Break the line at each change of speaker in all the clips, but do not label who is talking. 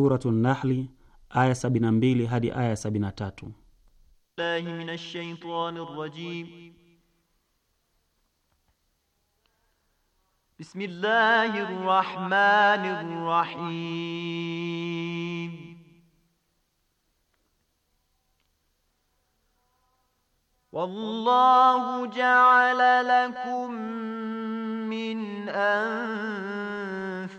Suratu Nahli aya mbili hadi aya 73.
Billahi minash shaitani rajim. Bismillahir rahmanir rahim. والله جعل لكم من أنفسكم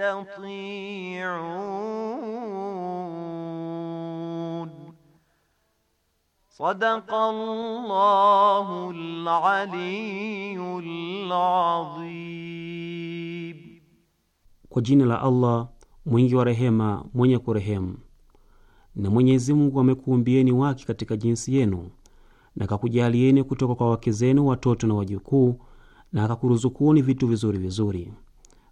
yastati'un. Sadaqallahul aliyyul
adhim. Kwa jina la Allah mwingi wa rehema, mwenye kurehemu. Na Mwenyezi Mungu amekuumbieni wake katika jinsi yenu na akakujalieni kutoka kwa wake zenu watoto na wajukuu na akakuruzukuni vitu vizuri vizuri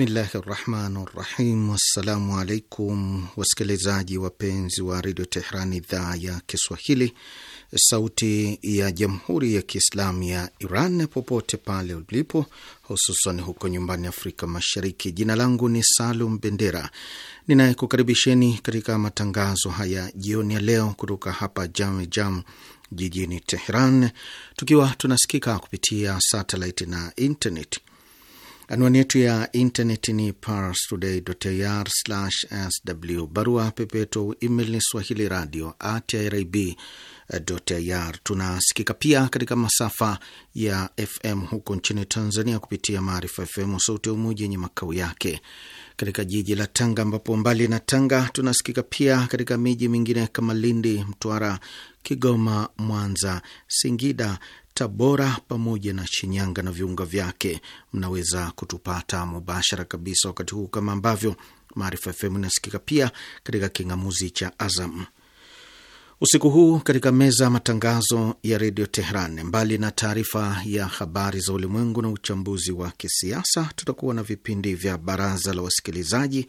Bismillahi rahmani rahim. Wassalamu alaikum wasikilizaji wapenzi wa redio Tehran, idhaa ya Kiswahili, sauti ya jamhuri ya Kiislamu ya Iran, popote pale ulipo, hususan huko nyumbani Afrika Mashariki. Jina langu ni Salum Bendera ninayekukaribisheni katika matangazo haya jioni ya leo kutoka hapa Jam Jam jijini Tehran, tukiwa tunasikika kupitia satelit na internet. Anwani yetu ya intaneti ni parstoday.ir/sw, barua pepeto email ni swahili radio at irib.ir. Tunasikika pia katika masafa ya FM huko nchini Tanzania kupitia Maarifa FM Sauti ya Umoja yenye makao yake katika jiji la Tanga, ambapo mbali na Tanga tunasikika pia katika miji mingine kama Lindi, Mtwara, Kigoma, Mwanza, Singida Tabora pamoja na Shinyanga na viunga vyake. Mnaweza kutupata mubashara kabisa wakati huu kama ambavyo Maarifa FM inasikika pia katika kingamuzi cha Azam usiku huu katika meza ya matangazo ya redio Tehran. Mbali na taarifa ya habari za ulimwengu na uchambuzi wa kisiasa, tutakuwa na vipindi vya baraza la wasikilizaji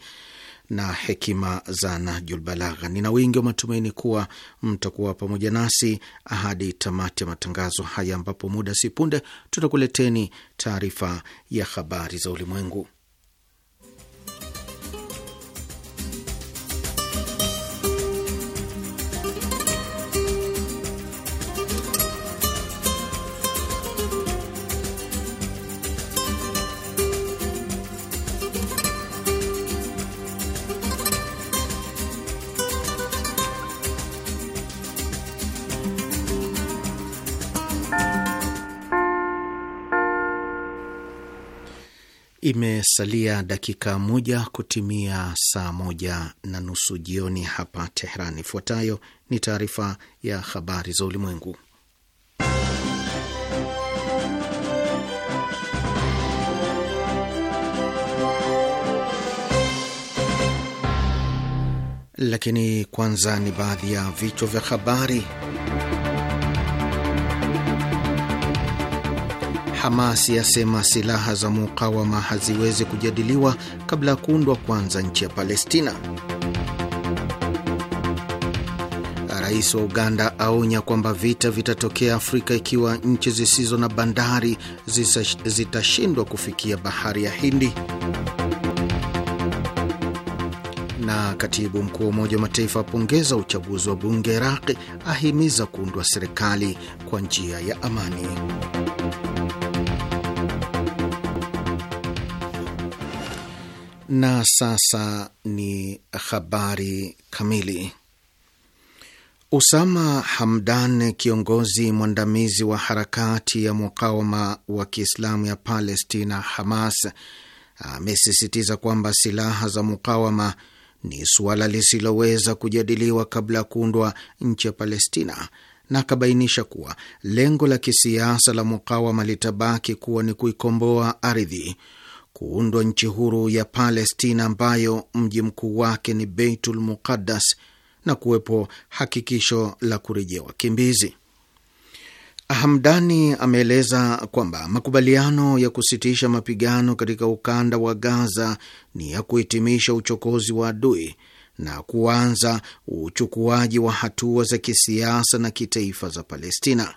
na hekima za Nahjul Balagha. Nina wingi wa matumaini kuwa mtakuwa pamoja nasi hadi tamati ya matangazo haya, ambapo muda si punde tutakuleteni taarifa ya habari za ulimwengu. Imesalia dakika moja kutimia saa moja na nusu jioni hapa Tehran. Ifuatayo ni taarifa ya habari za ulimwengu, lakini kwanza ni baadhi ya vichwa vya habari. Hamas yasema silaha za mukawama haziwezi kujadiliwa kabla ya kuundwa kwanza nchi ya Palestina. Rais wa Uganda aonya kwamba vita vitatokea Afrika ikiwa nchi zisizo na bandari zitashindwa kufikia bahari ya Hindi. Na katibu mkuu wa Umoja wa Mataifa apongeza uchaguzi wa bunge Iraqi, ahimiza kuundwa serikali kwa njia ya amani. Na sasa ni habari kamili. Usama Hamdan, kiongozi mwandamizi wa harakati ya mukawama wa Kiislamu ya Palestina, Hamas, amesisitiza kwamba silaha za mukawama ni suala lisiloweza kujadiliwa kabla ya kuundwa nchi ya Palestina, na akabainisha kuwa lengo la kisiasa la mukawama litabaki kuwa ni kuikomboa ardhi kuundwa nchi huru ya Palestina ambayo mji mkuu wake ni Beitul Muqaddas na kuwepo hakikisho la kurejea wakimbizi. Hamdani ameeleza kwamba makubaliano ya kusitisha mapigano katika ukanda wa Gaza ni ya kuhitimisha uchokozi wa adui na kuanza uchukuaji wa hatua za kisiasa na kitaifa za Palestina.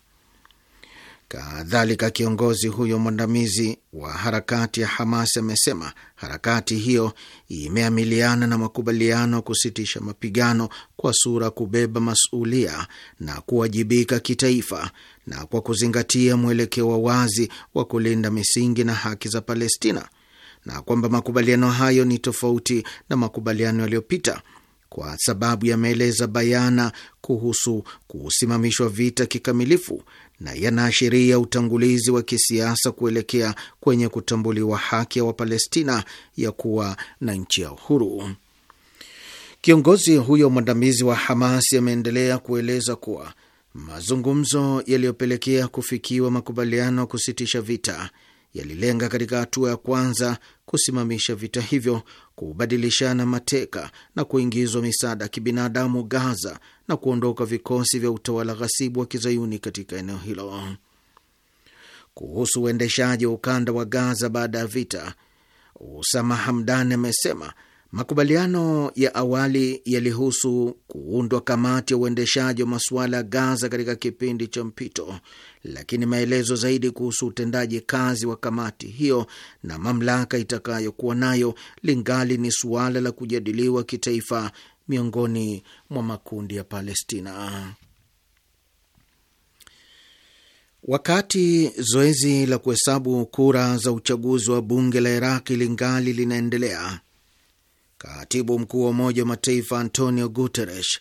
Kadhalika, kiongozi huyo mwandamizi wa harakati ya Hamas amesema harakati hiyo imeamiliana na makubaliano kusitisha mapigano kwa sura kubeba masulia na kuwajibika kitaifa na kwa kuzingatia mwelekeo wa wazi wa kulinda misingi na haki za Palestina na kwamba makubaliano hayo ni tofauti na makubaliano yaliyopita kwa sababu yameeleza bayana kuhusu kusimamishwa vita kikamilifu na yanaashiria utangulizi wa kisiasa kuelekea kwenye kutambuliwa haki ya Wapalestina ya kuwa na nchi ya uhuru. Kiongozi huyo mwandamizi wa Hamas ameendelea kueleza kuwa mazungumzo yaliyopelekea kufikiwa makubaliano ya kusitisha vita yalilenga katika hatua ya kwanza kusimamisha vita hivyo, kubadilishana mateka na kuingizwa misaada ya kibinadamu Gaza na kuondoka vikosi vya utawala ghasibu wa kizayuni katika eneo hilo. Kuhusu uendeshaji wa ukanda wa Gaza baada ya vita, Usama Hamdani amesema makubaliano ya awali yalihusu kuundwa kamati ya uendeshaji wa masuala ya Gaza katika kipindi cha mpito, lakini maelezo zaidi kuhusu utendaji kazi wa kamati hiyo na mamlaka itakayokuwa nayo lingali ni suala la kujadiliwa kitaifa miongoni mwa makundi ya Palestina. Wakati zoezi la kuhesabu kura za uchaguzi wa bunge la Iraq lingali linaendelea, katibu mkuu wa Umoja wa Mataifa Antonio Guterres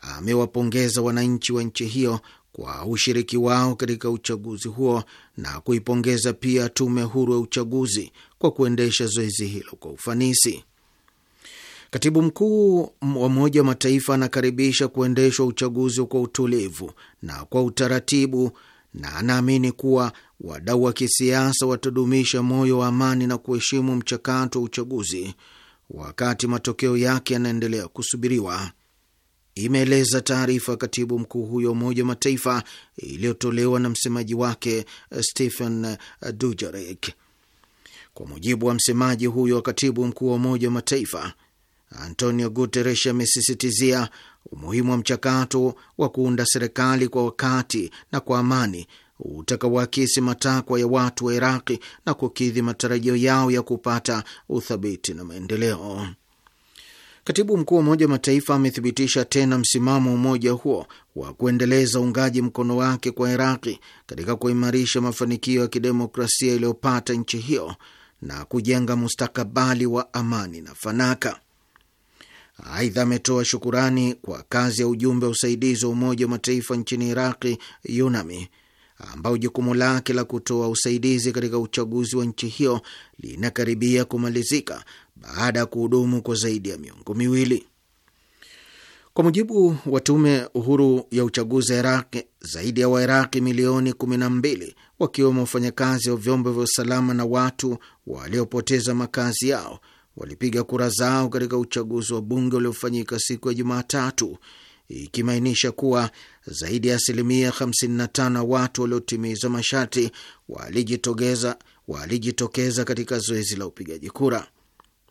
amewapongeza wananchi wa nchi hiyo kwa ushiriki wao katika uchaguzi huo na kuipongeza pia tume huru ya uchaguzi kwa kuendesha zoezi hilo kwa ufanisi. Katibu mkuu wa Umoja wa Mataifa anakaribisha kuendeshwa uchaguzi kwa utulivu na kwa utaratibu, na anaamini kuwa wadau wa kisiasa watadumisha moyo wa amani na kuheshimu mchakato wa uchaguzi wakati matokeo yake yanaendelea kusubiriwa, imeeleza taarifa katibu mkuu huyo wa Umoja wa Mataifa iliyotolewa na msemaji wake eh, Stephen eh, Dujarric. Kwa mujibu wa msemaji huyo wa katibu mkuu wa Umoja wa Mataifa, Antonio Guterres amesisitizia umuhimu wa mchakato wa kuunda serikali kwa wakati na kwa amani utakaoakisi matakwa ya watu wa Iraqi na kukidhi matarajio yao ya kupata uthabiti na maendeleo. Katibu mkuu wa Umoja wa Mataifa amethibitisha tena msimamo umoja huo wa kuendeleza uungaji mkono wake kwa Iraqi katika kuimarisha mafanikio ya kidemokrasia iliyopata nchi hiyo na kujenga mustakabali wa amani na fanaka. Aidha, ametoa shukurani kwa kazi ya ujumbe wa usaidizi wa Umoja wa Mataifa nchini Iraqi, YUNAMI, ambao jukumu lake la kutoa usaidizi katika uchaguzi wa nchi hiyo linakaribia kumalizika baada ya kuhudumu kwa zaidi ya miongo miwili. Kwa mujibu wa tume uhuru ya uchaguzi wa Iraqi, zaidi ya Wairaqi milioni 12 wakiwemo wafanyakazi wa vyombo vya usalama na watu waliopoteza makazi yao walipiga kura zao katika uchaguzi wa bunge uliofanyika siku ya Jumatatu, ikimaanisha kuwa zaidi ya asilimia 55 watu waliotimiza masharti walijitokeza walijitokeza katika zoezi la upigaji kura.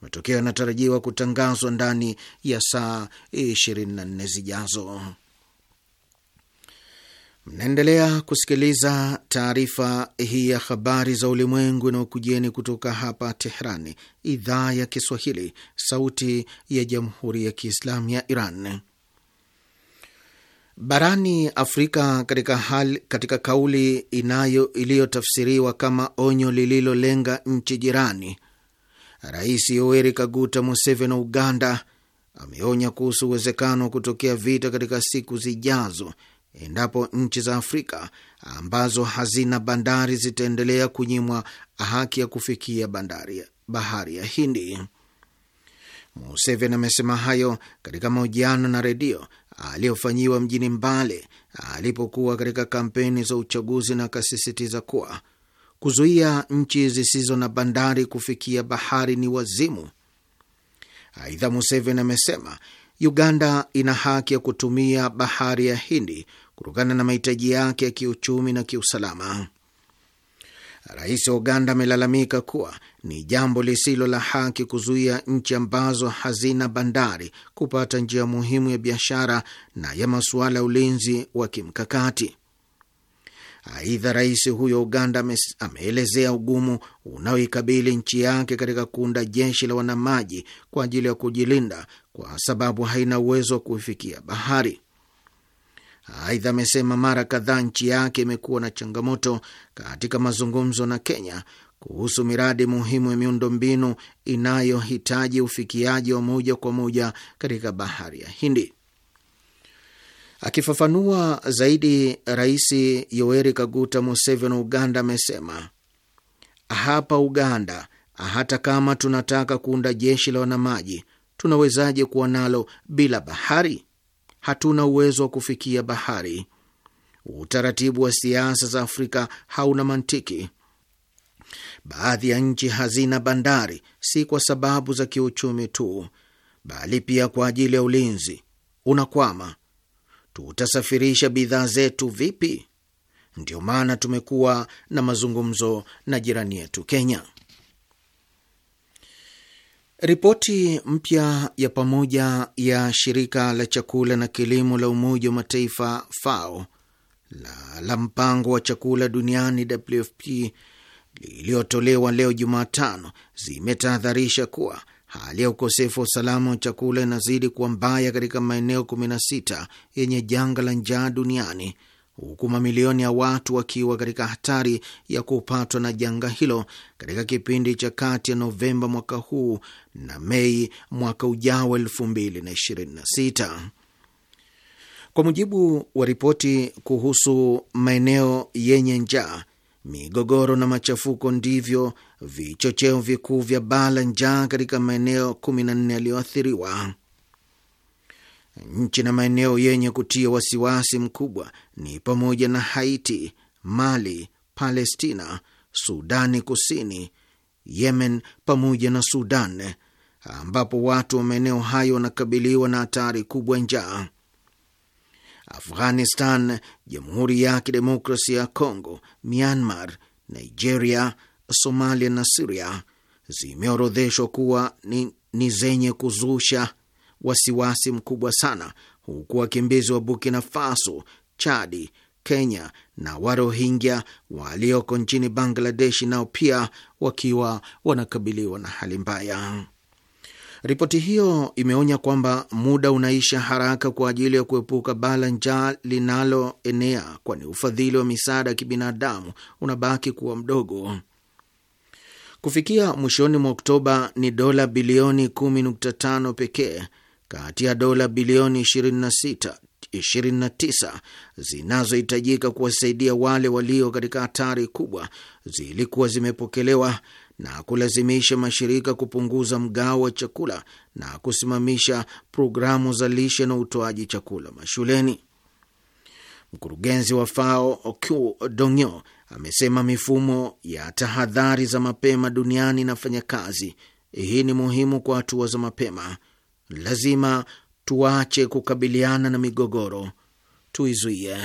Matokeo yanatarajiwa kutangazwa ndani ya saa 24 zijazo. Mnaendelea kusikiliza taarifa hii ya habari za ulimwengu inayokujieni kutoka hapa Tehrani, idhaa ya Kiswahili, sauti ya jamhuri ya kiislamu ya Iran. Barani Afrika, katika, hal, katika kauli inayo iliyotafsiriwa kama onyo lililolenga nchi jirani, Rais Yoweri Kaguta Museveni wa Uganda ameonya kuhusu uwezekano wa kutokea vita katika siku zijazo Endapo nchi za Afrika ambazo hazina bandari zitaendelea kunyimwa haki ya kufikia bandari, bahari ya Hindi. Museveni amesema hayo katika mahojiano na redio aliyofanyiwa mjini Mbale alipokuwa katika kampeni za uchaguzi, na akasisitiza kuwa kuzuia nchi zisizo na bandari kufikia bahari ni wazimu. Aidha, Museveni amesema Uganda ina haki ya kutumia bahari ya Hindi kutokana na mahitaji yake ya kiuchumi na kiusalama. Rais wa Uganda amelalamika kuwa ni jambo lisilo la haki kuzuia nchi ambazo hazina bandari kupata njia muhimu ya biashara na ya masuala ya ulinzi wa kimkakati. Aidha, rais huyo wa Uganda ameelezea ugumu unaoikabili nchi yake katika kuunda jeshi la wanamaji kwa ajili ya kujilinda kwa sababu haina uwezo wa kuifikia bahari. Aidha, amesema mara kadhaa nchi yake imekuwa na changamoto katika mazungumzo na Kenya kuhusu miradi muhimu ya miundombinu inayohitaji ufikiaji wa moja kwa moja katika bahari ya Hindi. Akifafanua zaidi, Rais Yoweri Kaguta Museveni wa Uganda amesema hapa Uganda, hata kama tunataka kuunda jeshi la wanamaji, tunawezaje kuwa nalo bila bahari? Hatuna uwezo wa kufikia bahari. Utaratibu wa siasa za Afrika hauna mantiki. Baadhi ya nchi hazina bandari, si kwa sababu za kiuchumi tu, bali pia kwa ajili ya ulinzi. Unakwama, tutasafirisha bidhaa zetu vipi? Ndio maana tumekuwa na mazungumzo na jirani yetu Kenya. Ripoti mpya ya pamoja ya shirika la chakula na kilimo la Umoja wa Mataifa FAO la, la mpango wa chakula duniani WFP iliyotolewa leo Jumatano zimetahadharisha kuwa hali ya ukosefu wa usalama wa chakula inazidi kuwa mbaya katika maeneo 16 yenye janga la njaa duniani huku mamilioni ya watu wakiwa katika hatari ya kupatwa na janga hilo katika kipindi cha kati ya Novemba mwaka huu na Mei mwaka ujao 2026. Kwa mujibu wa ripoti kuhusu maeneo yenye njaa, migogoro na machafuko ndivyo vichocheo vikuu vya baa la njaa katika maeneo 14 yaliyoathiriwa. Nchi na maeneo yenye kutia wasiwasi mkubwa ni pamoja na Haiti, Mali, Palestina, Sudani Kusini, Yemen pamoja na Sudan, ambapo watu wa maeneo hayo wanakabiliwa na hatari kubwa njaa. Afghanistan, Jamhuri ya Kidemokrasia ya Kongo, Myanmar, Nigeria, Somalia na Siria zimeorodheshwa kuwa ni, ni zenye kuzusha wasiwasi mkubwa sana, huku wakimbizi wa Burkina Faso, Chadi, Kenya na Warohingya walioko nchini Bangladesh nao pia wakiwa wanakabiliwa na hali mbaya. Ripoti hiyo imeonya kwamba muda unaisha haraka kwa ajili ya kuepuka bala njaa linaloenea, kwani ufadhili wa misaada ya kibinadamu unabaki kuwa mdogo. Kufikia mwishoni mwa Oktoba ni dola bilioni 10.5 pekee kati ya dola bilioni 26 29 zinazohitajika kuwasaidia wale walio katika hatari kubwa zilikuwa zimepokelewa na kulazimisha mashirika kupunguza mgao wa chakula na kusimamisha programu za lishe na utoaji chakula mashuleni. Mkurugenzi wa FAO Q Dongyo amesema mifumo ya tahadhari za mapema duniani inafanya kazi. Hii ni muhimu kwa hatua za mapema lazima tuache kukabiliana na migogoro, tuizuie.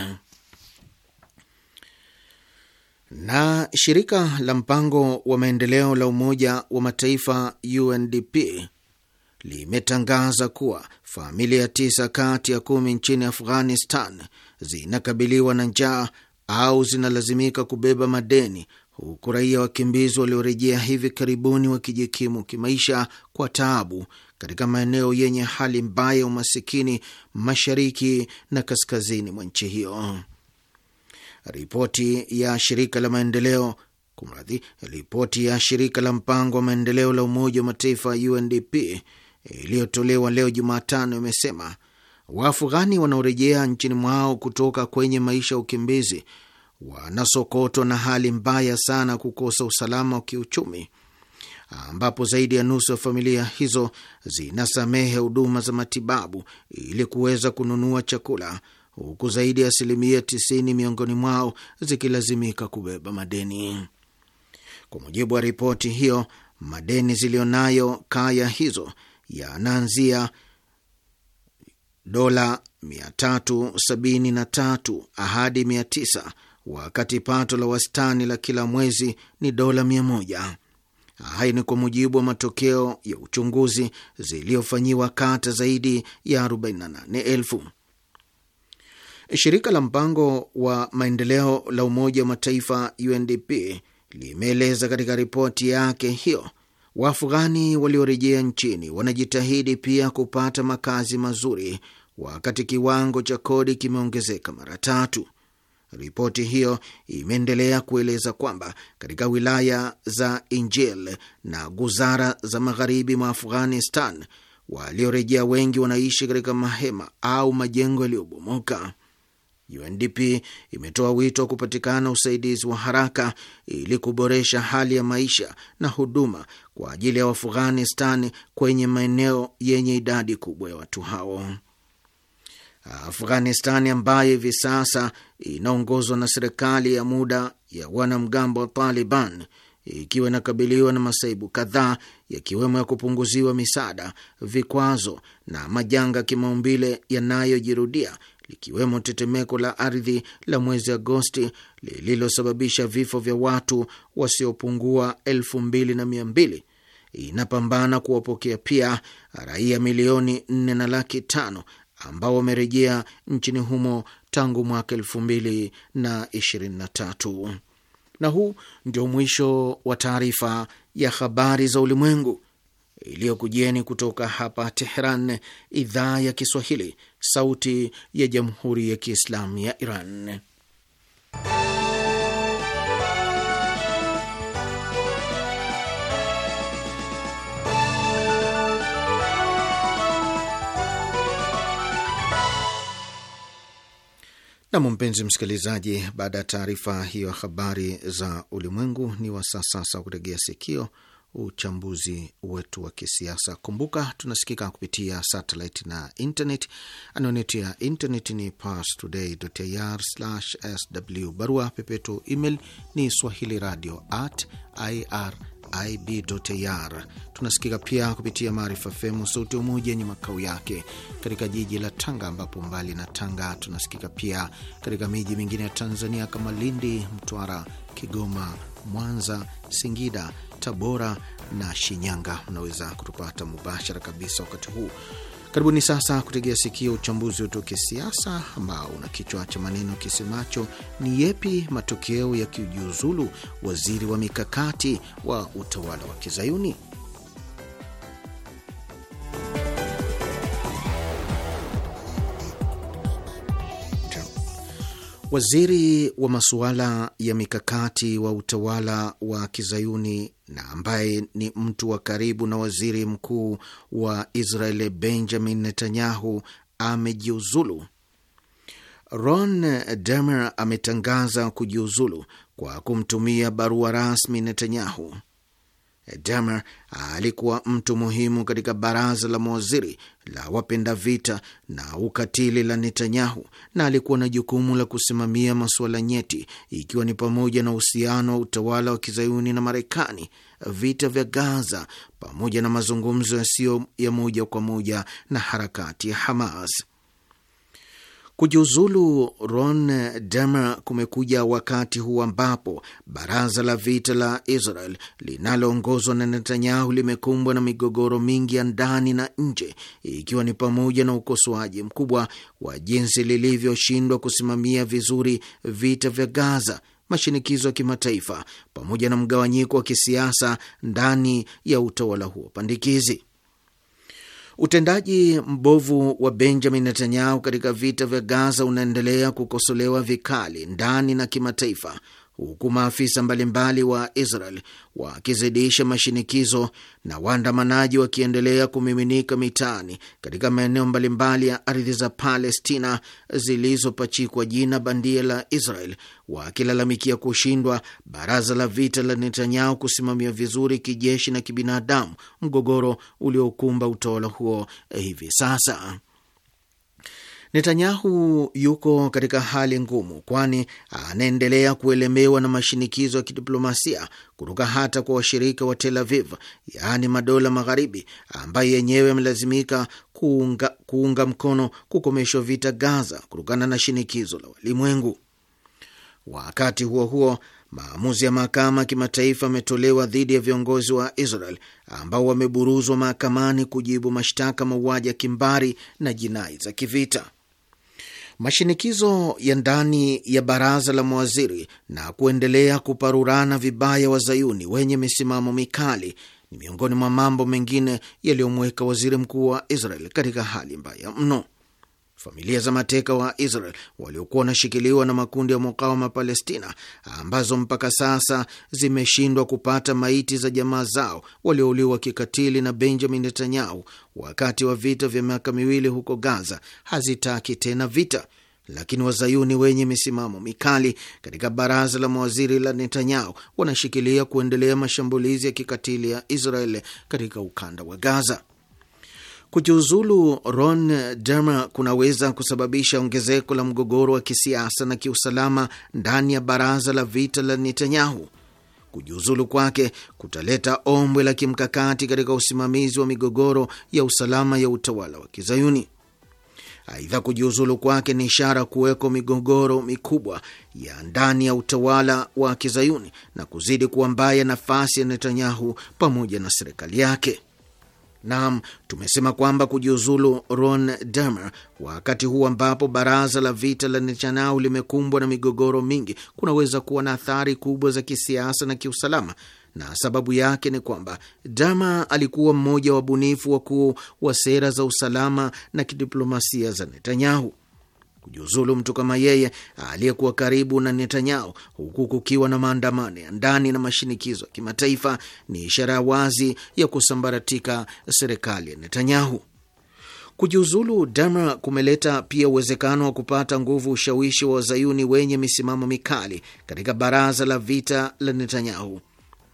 Na shirika la mpango wa maendeleo la Umoja wa Mataifa UNDP limetangaza kuwa familia tisa kati ya kumi nchini Afghanistan zinakabiliwa na njaa au zinalazimika kubeba madeni huku raia wakimbizi waliorejea hivi karibuni wakijikimu kimaisha kwa taabu katika maeneo yenye hali mbaya ya umasikini mashariki na kaskazini mwa nchi hiyo. Ripoti ya shirika la maendeleo kumradhi, ripoti ya shirika la mpango wa maendeleo la Umoja wa Mataifa UNDP iliyotolewa leo Jumatano imesema Waafghani wanaorejea nchini mwao kutoka kwenye maisha ya ukimbizi wanasokotwa na hali mbaya sana kukosa usalama wa kiuchumi, ambapo zaidi ya nusu ya familia hizo zinasamehe huduma za matibabu ili kuweza kununua chakula, huku zaidi ya asilimia 90 miongoni mwao zikilazimika kubeba madeni. Kwa mujibu wa ripoti hiyo, madeni ziliyonayo kaya hizo yanaanzia dola 373 hadi wakati pato la wastani la kila mwezi ni dola mia moja. Haya ni kwa mujibu wa matokeo ya uchunguzi ziliyofanyiwa kata zaidi ya 48,000. Shirika la mpango wa maendeleo la Umoja wa Mataifa UNDP limeeleza katika ripoti yake hiyo, Waafghani waliorejea nchini wanajitahidi pia kupata makazi mazuri, wakati kiwango cha kodi kimeongezeka mara tatu. Ripoti hiyo imeendelea kueleza kwamba katika wilaya za Injil na Guzara za magharibi mwa Afghanistan, waliorejea wengi wanaishi katika mahema au majengo yaliyobomoka. UNDP imetoa wito wa kupatikana usaidizi wa haraka ili kuboresha hali ya maisha na huduma kwa ajili ya Waafghanistan kwenye maeneo yenye idadi kubwa ya watu hao. Afghanistani ambayo hivi sasa inaongozwa na serikali ya muda ya wanamgambo wa Taliban ikiwa inakabiliwa na masaibu kadhaa yakiwemo ya kupunguziwa misaada, vikwazo na majanga kimaumbile yanayojirudia likiwemo tetemeko la ardhi la mwezi Agosti lililosababisha vifo vya watu wasiopungua elfu mbili na mia mbili inapambana kuwapokea pia raia milioni nne na laki tano ambao wamerejea nchini humo tangu mwaka elfu mbili na ishirini na tatu. Na huu ndio mwisho wa taarifa ya habari za ulimwengu iliyokujieni kutoka hapa Tehran, idhaa ya Kiswahili, sauti ya jamhuri ya kiislamu ya Iran. Nam, mpenzi msikilizaji, baada ya taarifa hiyo ya habari za ulimwengu, ni wasaa sasa kutegea sikio uchambuzi wetu wa kisiasa. Kumbuka tunasikika kupitia satelit na internet. Anwani yetu ya internet ni parstoday.ir/sw, barua pepeto email ni swahili radio at ir IB.ir. Tunasikika pia kupitia Maarifa FM sauti Umoja yenye makao yake katika jiji la Tanga, ambapo mbali na Tanga tunasikika pia katika miji mingine ya Tanzania kama Lindi, Mtwara, Kigoma, Mwanza, Singida, Tabora na Shinyanga. Unaweza kutupata mubashara kabisa wakati huu Karibuni sasa kutegea sikio uchambuzi wetu wa kisiasa ambao una kichwa cha maneno kisemacho ni yepi matokeo ya kijiuzulu waziri wa mikakati wa utawala wa Kizayuni. Waziri wa masuala ya mikakati wa utawala wa kizayuni na ambaye ni mtu wa karibu na waziri mkuu wa Israeli Benjamin Netanyahu amejiuzulu. Ron Dermer ametangaza kujiuzulu kwa kumtumia barua rasmi Netanyahu. Demer alikuwa mtu muhimu katika baraza la mawaziri la wapenda vita na ukatili la Netanyahu na alikuwa na jukumu la kusimamia masuala nyeti, ikiwa ni pamoja na uhusiano wa utawala wa kizayuni na Marekani, vita vya Gaza, pamoja na mazungumzo yasiyo ya moja kwa moja na harakati ya Hamas. Kujiuzulu Ron Dermer kumekuja wakati huu ambapo baraza la vita la Israel linaloongozwa na Netanyahu limekumbwa na migogoro mingi ya ndani na nje, ikiwa ni pamoja na ukosoaji mkubwa wa jinsi lilivyoshindwa kusimamia vizuri vita vya Gaza, mashinikizo ya kimataifa, pamoja na mgawanyiko wa kisiasa ndani ya utawala huo pandikizi. Utendaji mbovu wa Benjamin Netanyahu katika vita vya Gaza unaendelea kukosolewa vikali ndani na kimataifa, huku maafisa mbalimbali wa Israel wakizidisha mashinikizo na waandamanaji wakiendelea kumiminika mitaani katika maeneo mbalimbali ya ardhi za Palestina zilizopachikwa jina bandia la Israel, wakilalamikia kushindwa baraza la vita la Netanyahu kusimamia vizuri kijeshi na kibinadamu mgogoro uliokumba utawala huo hivi sasa. Netanyahu yuko katika hali ngumu, kwani anaendelea kuelemewa na mashinikizo ya kidiplomasia kutoka hata kwa washirika wa Tel Aviv, yaani madola magharibi, ambayo yenyewe amelazimika kuunga, kuunga mkono kukomeshwa vita Gaza kutokana na shinikizo la walimwengu. Wakati huo huo, maamuzi ya mahakama ya kimataifa yametolewa dhidi ya viongozi wa Israel ambao wameburuzwa mahakamani kujibu mashtaka mauaji ya kimbari na jinai za kivita mashinikizo ya ndani ya baraza la mawaziri na kuendelea kuparurana vibaya wazayuni wenye misimamo mikali ni miongoni mwa mambo mengine yaliyomweka waziri mkuu wa Israel katika hali mbaya mno familia za mateka wa Israel waliokuwa wanashikiliwa na makundi ya mukawama Palestina, ambazo mpaka sasa zimeshindwa kupata maiti za jamaa zao waliouliwa kikatili na Benjamin Netanyahu wakati wa vita vya miaka miwili huko Gaza, hazitaki tena vita lakini wazayuni wenye misimamo mikali katika baraza la mawaziri la Netanyahu wanashikilia kuendelea mashambulizi ya kikatili ya Israel katika ukanda wa Gaza. Kujiuzulu Ron Dermer kunaweza kusababisha ongezeko la mgogoro wa kisiasa na kiusalama ndani ya baraza la vita la Netanyahu. Kujiuzulu kwake kutaleta ombwe la kimkakati katika usimamizi wa migogoro ya usalama ya utawala wa Kizayuni. Aidha, kujiuzulu kwake ni ishara kuweko migogoro mikubwa ya ndani ya utawala wa Kizayuni na kuzidi kuwa mbaya nafasi ya Netanyahu pamoja na serikali yake. Naam, tumesema kwamba kujiuzulu Ron Dermer wakati huu ambapo baraza la vita la Netanyahu limekumbwa na migogoro mingi kunaweza kuwa na athari kubwa za kisiasa na kiusalama, na sababu yake ni kwamba Dermer alikuwa mmoja wa bunifu wakuu wa sera za usalama na kidiplomasia za Netanyahu kujiuzulu mtu kama yeye aliyekuwa karibu na Netanyahu, huku kukiwa na maandamano ya ndani na mashinikizo ya kimataifa, ni ishara wazi ya kusambaratika serikali ya Netanyahu. Kujiuzulu Dama kumeleta pia uwezekano wa kupata nguvu ushawishi wa wazayuni wenye misimamo mikali katika baraza la vita la Netanyahu.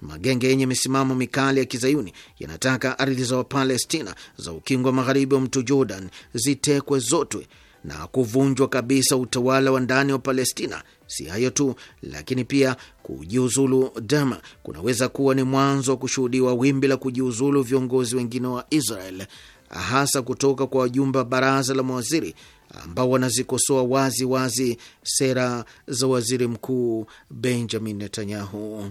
Magenge yenye misimamo mikali ya kizayuni yanataka ardhi za Wapalestina za ukingo wa magharibi wa mto Jordan zitekwe zotwe na kuvunjwa kabisa utawala wa ndani wa Palestina. Si hayo tu, lakini pia kujiuzulu Dama kunaweza kuwa ni mwanzo wa kushuhudiwa wimbi la kujiuzulu viongozi wengine wa Israel, hasa kutoka kwa wajumbe wa baraza la mawaziri ambao wanazikosoa wazi wazi sera za waziri mkuu Benjamin Netanyahu.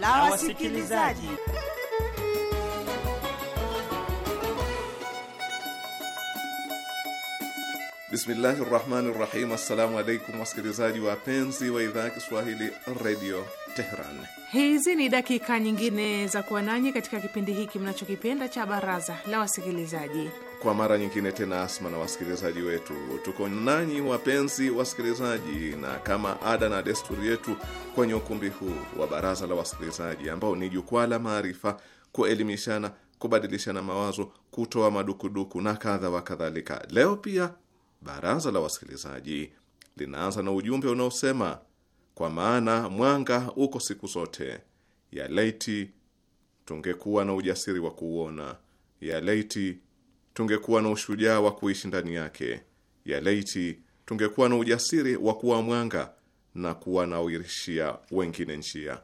la wasikilizaji.
Bismillahi rahmani rahim. Assalamu alaikum wasikilizaji wapenzi wa idhaa ya Kiswahili redio Teheran.
Hizi ni dakika nyingine za kuwa nanyi katika kipindi hiki mnachokipenda cha baraza la wasikilizaji
kwa mara nyingine tena, Asma na wasikilizaji wetu. Tuko nanyi wapenzi wasikilizaji, na kama ada na desturi yetu kwenye ukumbi huu wa baraza la wasikilizaji, ambao ni jukwaa la maarifa, kuelimishana, kubadilishana mawazo, kutoa madukuduku na kadha wa kadhalika. Leo pia baraza la wasikilizaji linaanza na ujumbe unaosema kwa maana mwanga uko siku zote, ya laiti tungekuwa na ujasiri wa kuuona, ya laiti tungekuwa na ushujaa wa kuishi ndani yake. Ya laiti tungekuwa na ujasiri wa kuwa mwanga na kuwanawirishia wengine njia.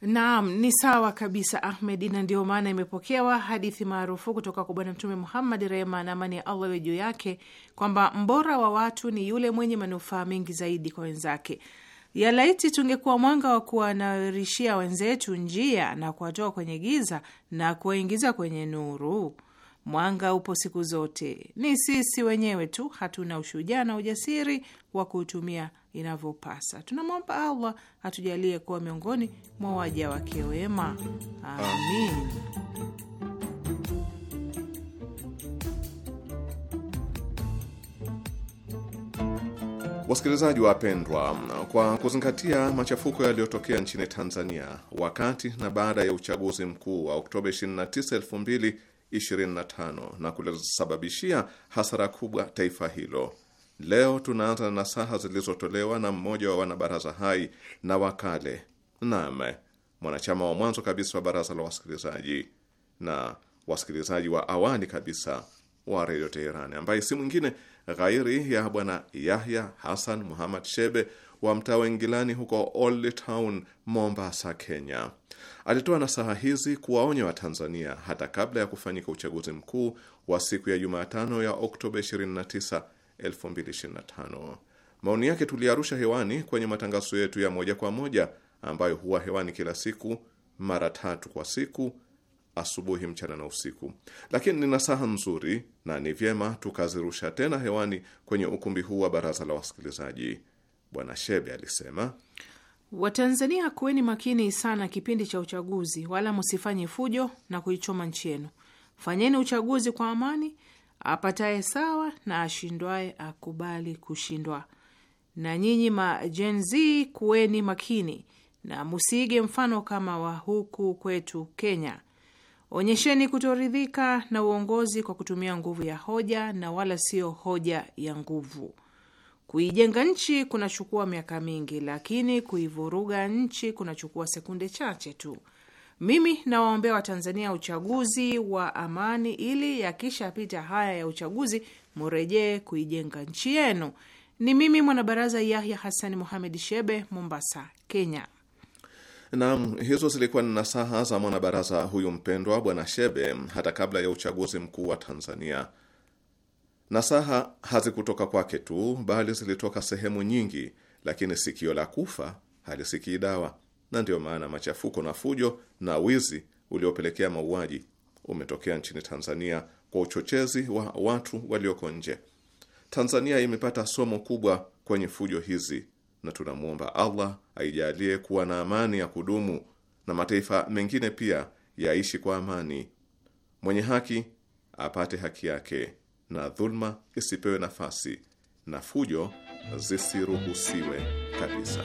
Naam, ni sawa kabisa Ahmed, na ndio maana imepokewa hadithi maarufu kutoka kwa Bwana Mtume Muhammad, rehma na amani ya Allah iwe juu yake, kwamba mbora wa watu ni yule mwenye manufaa mengi zaidi kwa wenzake. Ya laiti tungekuwa mwanga wa kuwanawirishia wenzetu njia na kuwatoa kwenye giza na kuwaingiza kwenye nuru. Mwanga upo siku zote, ni sisi wenyewe tu hatuna ushujaa na ujasiri wa kuutumia inavyopasa. Tunamwomba Allah atujalie kuwa miongoni mwa waja wake wema, amin.
Wasikilizaji wapendwa, kwa kuzingatia machafuko yaliyotokea nchini Tanzania wakati na baada ya uchaguzi mkuu wa Oktoba 29, 25 na kulisababishia hasara kubwa taifa hilo. Leo tunaanza na nasaha zilizotolewa na mmoja wa wanabaraza hai na wakale, nam mwanachama wa mwanzo kabisa wa baraza la wasikilizaji na wasikilizaji wa awali kabisa wa redio Teherani, ambaye si mwingine ghairi ya bwana Yahya Hasan Muhammad Shebe wa mtaa Wengilani huko Old Town, Mombasa, Kenya. Alitoa nasaha hizi kuwaonya Watanzania hata kabla ya kufanyika uchaguzi mkuu wa siku ya Jumatano ya Oktoba 29, 2025. Maoni yake tuliarusha hewani kwenye matangazo yetu ya moja kwa moja ambayo huwa hewani kila siku mara tatu kwa siku, asubuhi, mchana na usiku. Lakini ni nasaha nzuri na ni vyema tukazirusha tena hewani kwenye ukumbi huu wa Baraza la Wasikilizaji. Bwana Shebe alisema
Watanzania, kuweni makini sana kipindi cha uchaguzi, wala msifanye fujo na kuichoma nchi yenu. Fanyeni uchaguzi kwa amani, apataye sawa na ashindwaye akubali kushindwa. Na nyinyi ma Gen Z kuweni makini na msiige mfano kama wa huku kwetu Kenya. Onyesheni kutoridhika na uongozi kwa kutumia nguvu ya hoja na wala sio hoja ya nguvu. Kuijenga nchi kunachukua miaka mingi, lakini kuivuruga nchi kunachukua sekunde chache tu. Mimi nawaombea Watanzania uchaguzi wa amani, ili yakishapita haya ya uchaguzi murejee kuijenga nchi yenu. Ni mimi mwanabaraza Yahya Hasani Muhamed Shebe, Mombasa, Kenya.
Naam, hizo zilikuwa ni nasaha za mwanabaraza huyu mpendwa Bwana Shebe, hata kabla ya uchaguzi mkuu wa Tanzania. Nasaha hazikutoka kwake tu, bali zilitoka sehemu nyingi, lakini sikio la kufa halisikii dawa, na ndiyo maana machafuko na fujo na wizi uliopelekea mauaji umetokea nchini Tanzania kwa uchochezi wa watu walioko nje. Tanzania imepata somo kubwa kwenye fujo hizi, na tunamwomba Allah aijalie kuwa na amani ya kudumu na mataifa mengine pia yaishi kwa amani. Mwenye haki apate haki yake na dhulma isipewe nafasi na fujo zisiruhusiwe kabisa.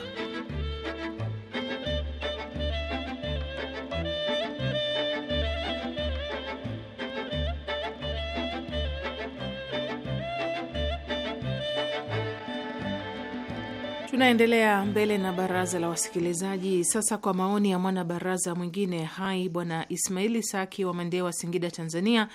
Tunaendelea mbele na baraza la wasikilizaji sasa, kwa maoni ya mwana baraza mwingine hai, Bwana Ismaili Saki wa Mandewa, Singida, Tanzania,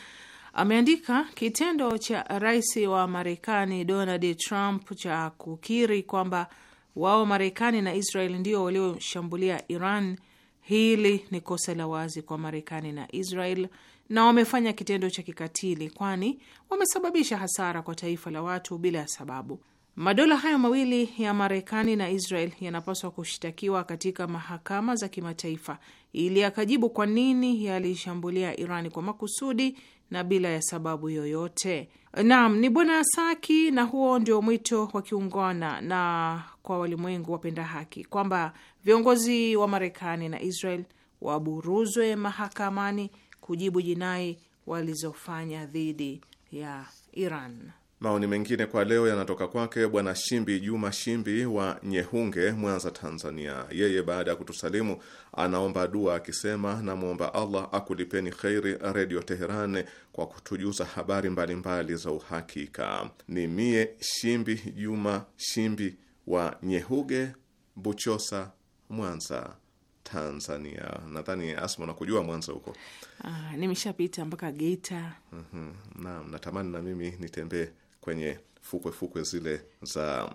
ameandika kitendo cha rais wa Marekani Donald Trump cha kukiri kwamba wao Marekani na Israel ndio walioshambulia Iran, hili ni kosa la wazi kwa Marekani na Israel na wamefanya kitendo cha kikatili, kwani wamesababisha hasara kwa taifa la watu bila ya sababu. Madola hayo mawili ya Marekani na Israel yanapaswa kushtakiwa katika mahakama za kimataifa ili akajibu kwa nini yalishambulia iran kwa makusudi na bila ya sababu yoyote. Naam, ni Bwana Saki, na huo ndio mwito wa kiungwana na kwa walimwengu wapenda haki kwamba viongozi wa Marekani na Israel waburuzwe mahakamani kujibu jinai walizofanya dhidi ya Iran. Maoni
mengine kwa leo yanatoka kwake Bwana Shimbi Juma Shimbi wa Nyehunge, Mwanza, Tanzania. Yeye baada ya kutusalimu, anaomba dua akisema, namwomba Allah akulipeni kheri Redio Teheran kwa kutujuza habari mbalimbali mbali za uhakika. Ni mie Shimbi Juma Shimbi wa Nyehuge, Buchosa, Mwanza, Tanzania. Nadhani Asma nakujua Mwanza huko.
Ah, nimeshapita mpaka Geita.
Mhm. Naam, natamani na mimi nitembee kwenye fukwe fukwe zile za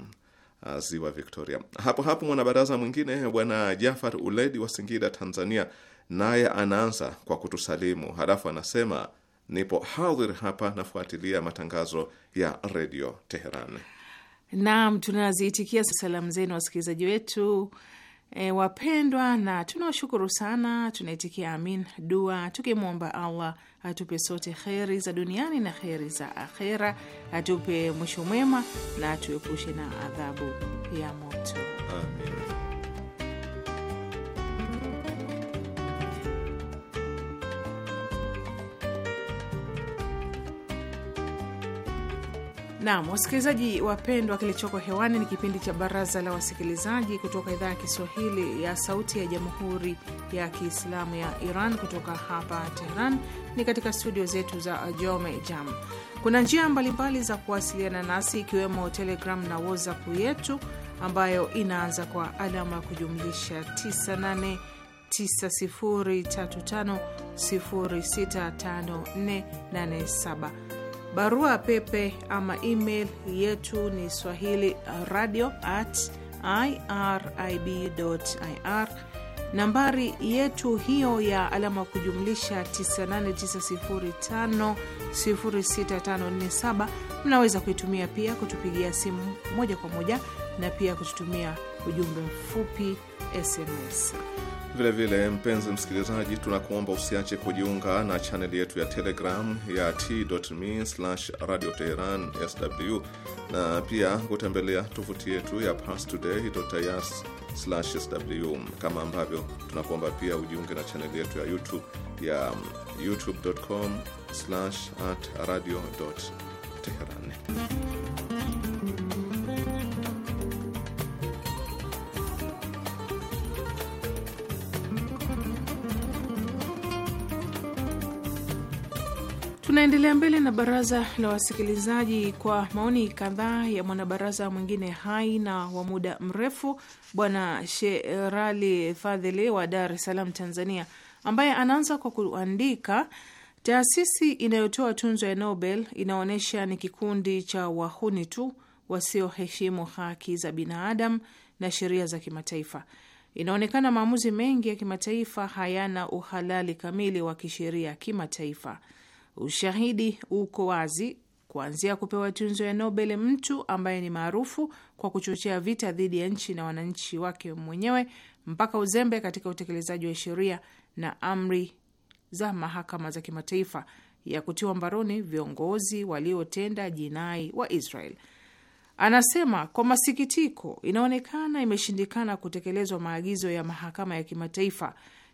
uh, ziwa Victoria. Hapo hapo mwanabaraza mwingine bwana Jafar Uledi wa Singida, Tanzania, naye anaanza kwa kutusalimu, halafu anasema nipo hadhir hapa, nafuatilia matangazo ya redio Teheran.
Naam, tunaziitikia salamu zenu wasikilizaji wetu E, wapendwa, na tunawashukuru sana. Tunaitikia amin dua tukimwomba Allah atupe sote kheri za duniani na kheri za akhera, atupe mwisho mwema na atuepushe na adhabu ya moto, amin. Naam, wasikilizaji wapendwa, kilichoko hewani ni kipindi cha Baraza la Wasikilizaji kutoka idhaa ya Kiswahili ya Sauti ya Jamhuri ya Kiislamu ya Iran kutoka hapa Tehran, ni katika studio zetu za Jome Jam. Kuna njia mbalimbali za kuwasiliana nasi ikiwemo Telegram na WhatsApp yetu ambayo inaanza kwa alama ya kujumlisha 989035065487 Barua pepe ama email yetu ni swahili uh, radio at irib.ir. Nambari yetu hiyo ya alama kujumlisha 989035065487 mnaweza kuitumia pia kutupigia simu moja kwa moja na pia kututumia ujumbe mfupi SMS.
Vilevile mpenzi msikilizaji, tunakuomba usiache kujiunga na chaneli yetu ya Telegram ya t.me radio Teheran sw na pia kutembelea tovuti yetu ya parstoday.ir/sw, kama ambavyo tunakuomba pia ujiunge na chaneli yetu ya YouTube ya youtube.com/radio Teheran.
Tunaendelea mbele na baraza la wasikilizaji kwa maoni kadhaa ya mwanabaraza mwingine hai na wa muda mrefu Bwana Sherali Fadhili wa Dar es Salaam, Tanzania, ambaye anaanza kwa kuandika taasisi inayotoa tunzo ya Nobel inaonyesha ni kikundi cha wahuni tu wasioheshimu haki za binadamu na sheria za kimataifa. Inaonekana maamuzi mengi ya kimataifa hayana uhalali kamili wa kisheria kimataifa. Ushahidi uko wazi kuanzia kupewa tunzo ya Nobel mtu ambaye ni maarufu kwa kuchochea vita dhidi ya nchi na wananchi wake mwenyewe mpaka uzembe katika utekelezaji wa sheria na amri za mahakama za kimataifa ya kutiwa mbaroni viongozi waliotenda jinai wa Israel. Anasema kwa masikitiko, inaonekana imeshindikana kutekelezwa maagizo ya mahakama ya kimataifa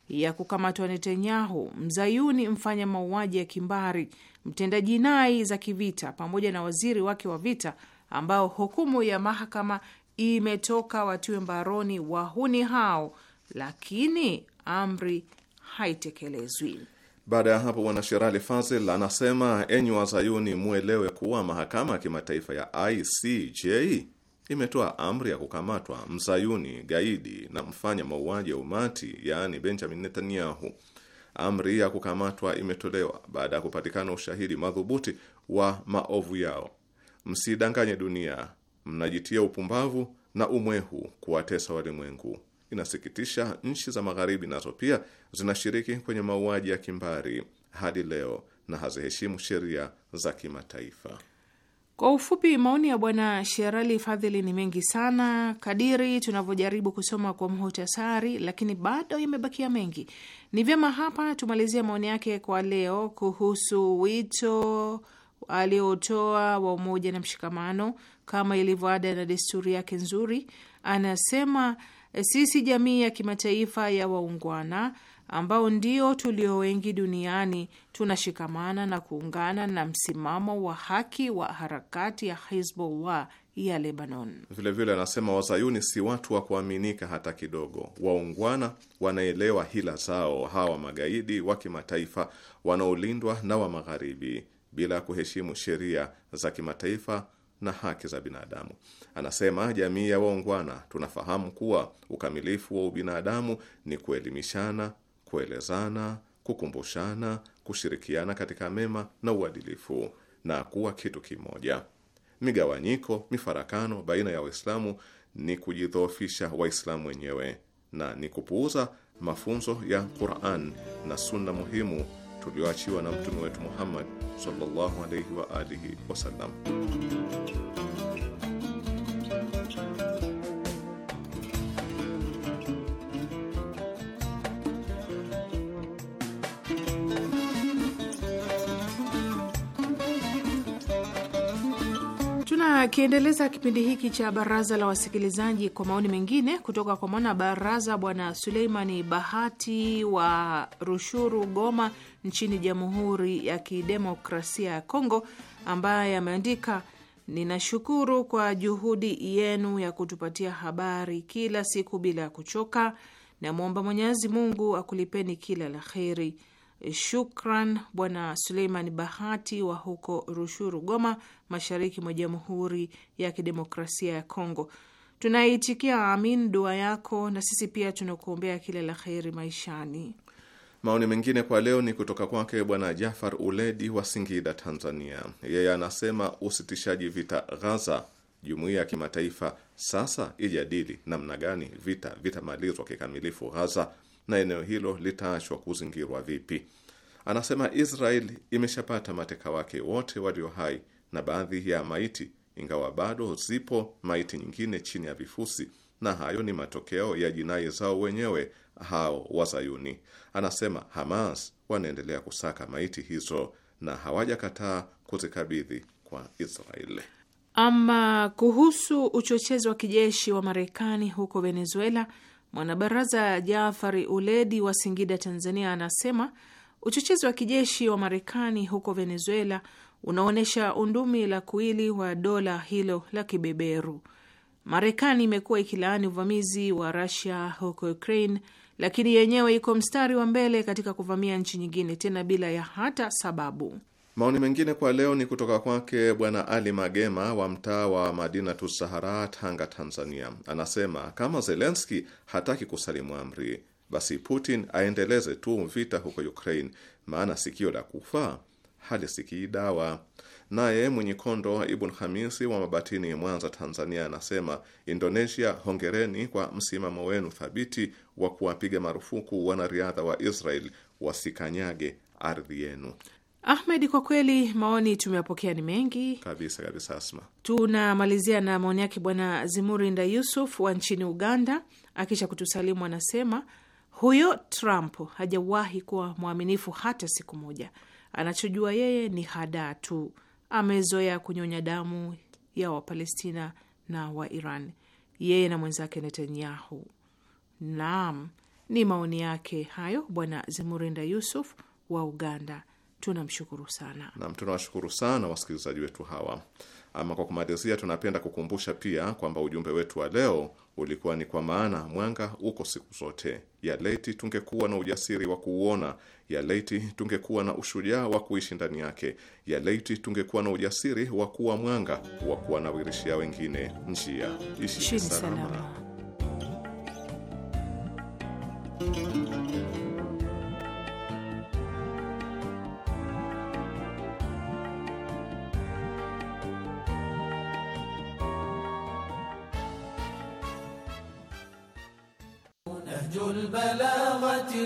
ya kukamatwa Netanyahu, mzayuni mfanya mauaji ya kimbari, mtenda jinai za kivita, pamoja na waziri wake wa vita ambao hukumu ya mahakama imetoka watiwe mbaroni wahuni hao, lakini amri haitekelezwi.
Baada ya hapo, bwana Sherali Fazil anasema, enyi wazayuni, mwelewe kuwa mahakama ya kimataifa ya ICJ imetoa amri ya kukamatwa mzayuni gaidi na mfanya mauaji ya umati, yaani Benjamin Netanyahu. Amri ya kukamatwa imetolewa baada ya kupatikana ushahidi madhubuti wa maovu yao. Msidanganye dunia, mnajitia upumbavu na umwehu kuwatesa walimwengu. Inasikitisha, nchi za magharibi nazo pia zinashiriki kwenye mauaji ya kimbari hadi leo na haziheshimu sheria za kimataifa.
Kwa ufupi, maoni ya bwana Sherali Fadhili ni mengi sana kadiri tunavyojaribu kusoma kwa muhtasari, lakini bado yamebakia mengi. Ni vyema hapa tumalizia maoni yake kwa leo kuhusu wito aliotoa wa umoja na mshikamano kama ilivyo ada na desturi yake nzuri. Anasema sisi jamii ya kimataifa ya waungwana ambao ndio tulio wengi duniani tunashikamana na kuungana na msimamo wa haki wa harakati ya Hizbullah ya Lebanon.
Vilevile anasema wazayuni si watu wa kuaminika hata kidogo, waungwana, wanaelewa hila zao hawa magaidi wa kimataifa wanaolindwa na wa magharibi bila kuheshimu sheria za kimataifa na haki za binadamu. Anasema jamii ya waungwana tunafahamu kuwa ukamilifu wa ubinadamu ni kuelimishana kuelezana, kukumbushana, kushirikiana katika mema na uadilifu na kuwa kitu kimoja. Migawanyiko, mifarakano baina ya Waislamu ni kujidhoofisha Waislamu wenyewe na ni kupuuza mafunzo ya Quran na sunna muhimu tulioachiwa na mtume wetu Muhammad sallallahu alaihi wa alihi wasallam.
Akiendeleza kipindi hiki cha baraza la wasikilizaji kwa maoni mengine kutoka kwa mwana baraza bwana Suleimani Bahati wa Rushuru, Goma, nchini Jamhuri ya Kidemokrasia ya Kongo, ambaye ameandika ninashukuru kwa juhudi yenu ya kutupatia habari kila siku bila ya kuchoka. Namwomba Mwenyezi Mungu akulipeni kila la kheri. Shukran Bwana Suleiman Bahati wa huko Rushuru, Goma, mashariki mwa Jamhuri ya Kidemokrasia ya Kongo. Tunaitikia amin dua yako, na sisi pia tunakuombea kila la kheri maishani.
Maoni mengine kwa leo ni kutoka kwake Bwana Jafar Uledi wa Singida, Tanzania. Yeye anasema usitishaji vita Ghaza, jumuiya ya kimataifa sasa ijadili namna gani vita vitamalizwa kikamilifu Ghaza na eneo hilo litaachwa kuzingirwa vipi? Anasema Israel imeshapata mateka wake wote walio hai na baadhi ya maiti, ingawa bado zipo maiti nyingine chini ya vifusi, na hayo ni matokeo ya jinai zao wenyewe hao Wazayuni. Anasema Hamas wanaendelea kusaka maiti hizo na hawajakataa kuzikabidhi kwa Israeli.
Ama kuhusu uchochezi wa kijeshi wa Marekani huko Venezuela Mwanabaraza Jafari Uledi wa Singida, Tanzania, anasema uchochezi wa kijeshi wa Marekani huko Venezuela unaonyesha undumi la kuili wa dola hilo la kibeberu. Marekani imekuwa ikilaani uvamizi wa Rusia huko Ukraine, lakini yenyewe iko mstari wa mbele katika kuvamia nchi nyingine, tena bila ya hata sababu.
Maoni mengine kwa leo ni kutoka kwake Bwana Ali Magema wa mtaa wa madina Sahara, Tanga, Tanzania. Anasema kama Zelenski hataki kusalimu amri, basi Putin aendeleze tu vita huko Ukraine, maana sikio la kufa halisikii dawa. Naye mwenye kondo Ibn Hamisi wa Mabatini, Mwanza, Tanzania, anasema Indonesia, hongereni kwa msimamo wenu thabiti wa kuwapiga marufuku wanariadha wa Israel wasikanyage ardhi yenu.
Ahmed, kwa kweli maoni tumeyapokea ni mengi
kabisa kabisa. Asma,
tunamalizia na maoni yake Bwana Zimurinda Yusuf wa nchini Uganda. Akisha kutusalimu anasema huyo Trump hajawahi kuwa mwaminifu hata siku moja. Anachojua yeye ni hadaa tu. Amezoea kunyonya damu ya Wapalestina na wa Iran, yeye na mwenzake Netanyahu. Naam, ni maoni yake hayo Bwana Zimurinda Yusuf wa Uganda tunamshukuru sana.
Naam, tunawashukuru sana wasikilizaji wetu hawa. Ama kwa kumalizia, tunapenda kukumbusha pia kwamba ujumbe wetu wa leo ulikuwa ni kwa maana mwanga uko siku zote. Ya laiti tungekuwa na ujasiri wa kuuona, ya laiti tungekuwa na ushujaa wa kuishi ndani yake, ya laiti tungekuwa na ujasiri wa kuwa mwanga wa kuwanawirishia wengine njia. Ishini salama.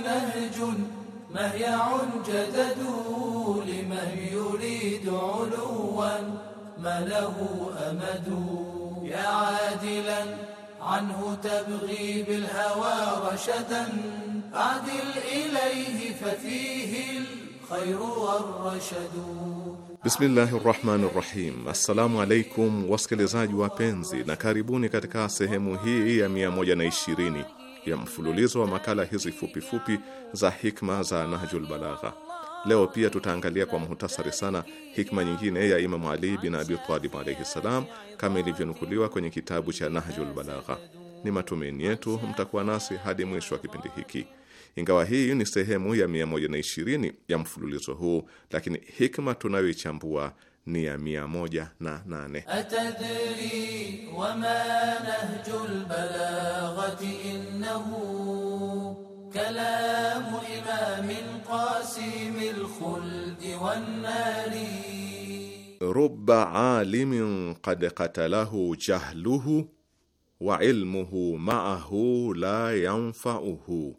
نهج مهيع جدد لمن يريد علوا ما له أمد يا عادلا عنه تبغي بالهوى رشدا أعدل إليه ففيه الخير والرشد
Bismillahi rahmani rahim. Assalamu alaikum wasikilizaji wapenzi, na karibuni katika sehemu hii ya 120 ya mfululizo wa makala hizi fupifupi fupi za hikma za Nahjul Balagha. Leo pia tutaangalia kwa muhtasari sana hikma nyingine ya Imamu Ali bin Abi Talib alaihi ssalam, kama ilivyonukuliwa kwenye kitabu cha Nahjul Balagha. Ni matumaini yetu mtakuwa nasi hadi mwisho wa kipindi hiki. Ingawa hii ni sehemu ya 120 ya mfululizo huu, lakini hikma tunayoichambua ni ya mia moja na nane.
Atadri innahu kalamu imamin
wan nari rubba alimin qad qatalahu jahluhu wa ilmuhu maahu la yanfauhu,